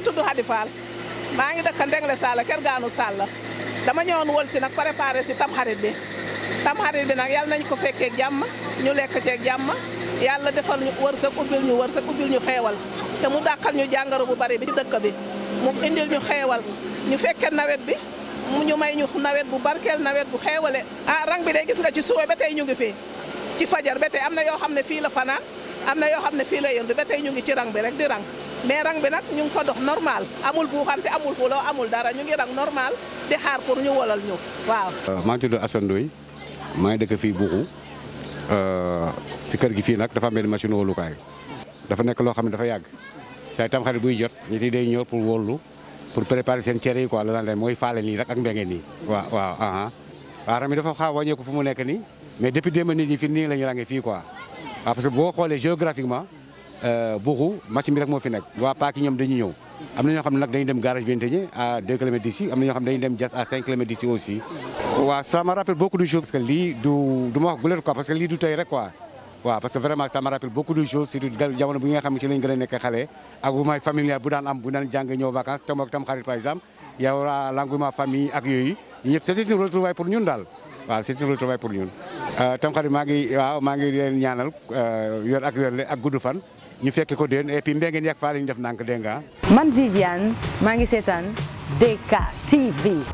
ngi tudd Hadi maa ngi dëkk Ndengle Sall kër gaanu Sall dama ñëwoon wol si nag préparé tam tamxarit bi tam tamxarit bi nag yàlla nañ ko fekkee jàmm ñu lekk ceek jàmm yàlla defal ñu wërsëg ubbil ñu wërsëg ubbil ñu xeewal te mu dàqal ñu jàngaro bu bari bi ci dëkk bi mu indil ñu xeewal ñu fekkee nawet bi mu ñu may ñu nawet bu barkeel nawet bu xeewale ah rang bi day gis nga ci suba ba tey ñu ngi fii ci fajar ba tey am na yoo xam ne fii la fanaa am na yoo xam ne fii la yëndu ba tey ñu ngi ci rang bi rek di rang mais rang bi nag ñu ngi ko dox amul buuxante amul fuloo amul dara ñu ngi rang normal di xaar pour ñu wolal ñu waaw. Euh, maa ngi tudd Assane Ndoye maa fii Buxu euh, si kër gi fii nag dafa am benn machine wóolukaay dafa nekk loo xam ne dafa yàgg saa tam xarit buy jot nit yi day ñëw pour wóolu pour préparer seen cere yi quoi la daan def mooy faale nii rek ak mbenge nii waaw waaw. waaw ram dafa xaw a wàññeeku fu mu nekk nii mais depuis nit ñi fii nii la ñu ràngee fii quoi. waaw ah, parce que boo xoolee géographiquement euh, Bourou machine bi rek moo fi nekk waa Pâques ñoom dañuy ñëw. am na ñoo xam ne nag dañuy dem garage Ventanier à 2 kilomètres d'ici am na ñoo xam ne dem Diass à 5 kilomètres d'ici aussi. waaw ça me beaucoup de choses parce que lii du du ma wax guleet quoi parce que lii du tey rek quoi. waaw parce que vraiment ça me beaucoup de choses surtout jamono bi nga xam ci lañ gën a nekk xale ak bu bu daan am pour ñun daal waaw c'est Euh, tamxarit maa ngi waaw maa ngi leen ñaanal yor euh, ak yor le ak gudd fan ñu fekk ko déen et puis mbéngeen yàgg la ñu def ndànk dégg nga man Viviane maa ngi seetaan DK TV.